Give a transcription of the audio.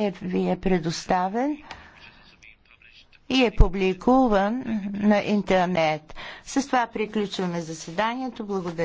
е, ви е предоставен и е публикуван на интернет. С това приключваме заседанието. Благодаря.